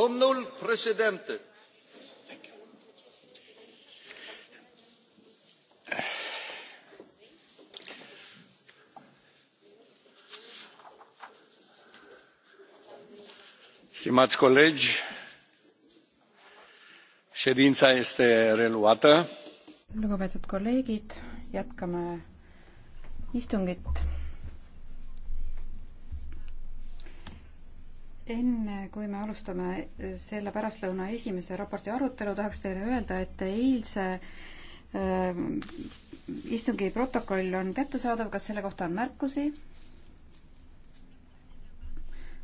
domnul președinte stimați colegi ședința este reluată. lugupeetud kolleegid jätkame istungit. enne kui me alustame selle pärastlõuna esimese raporti arutelu, tahaks teile öelda, et eilse äh, istungi protokoll on kättesaadav, kas selle kohta on märkusi?